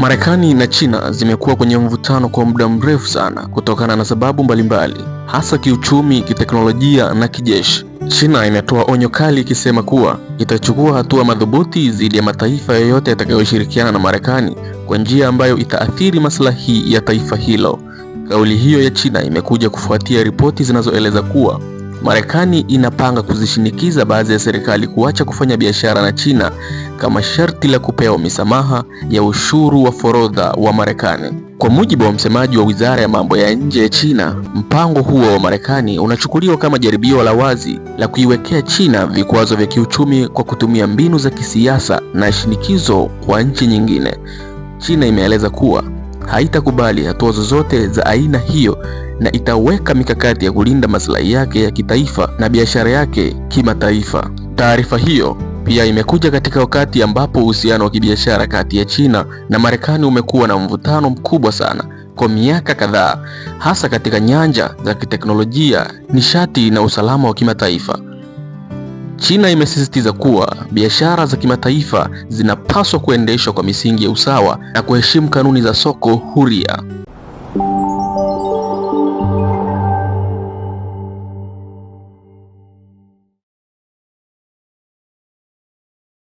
Marekani na China zimekuwa kwenye mvutano kwa muda mrefu sana kutokana na sababu mbalimbali, hasa kiuchumi, kiteknolojia na kijeshi. China imetoa onyo kali ikisema kuwa itachukua hatua madhubuti dhidi ya mataifa yoyote yatakayoshirikiana na Marekani kwa njia ambayo itaathiri maslahi ya taifa hilo. Kauli hiyo ya China imekuja kufuatia ripoti zinazoeleza kuwa Marekani inapanga kuzishinikiza baadhi ya serikali kuacha kufanya biashara na China kama sharti la kupewa misamaha ya ushuru wa forodha wa Marekani. Kwa mujibu wa msemaji wa Wizara ya Mambo ya Nje ya China, mpango huo wa Marekani unachukuliwa kama jaribio la wazi la kuiwekea China vikwazo vya kiuchumi kwa kutumia mbinu za kisiasa na shinikizo kwa nchi nyingine. China imeeleza kuwa haitakubali hatua zozote za aina hiyo na itaweka mikakati ya kulinda maslahi yake ya kitaifa na biashara yake kimataifa. Taarifa hiyo pia imekuja katika wakati ambapo uhusiano wa kibiashara kati ya China na Marekani umekuwa na mvutano mkubwa sana kwa miaka kadhaa, hasa katika nyanja za kiteknolojia, nishati na usalama wa kimataifa. China imesisitiza kuwa biashara za kimataifa zinapaswa kuendeshwa kwa misingi ya usawa na kuheshimu kanuni za soko huria.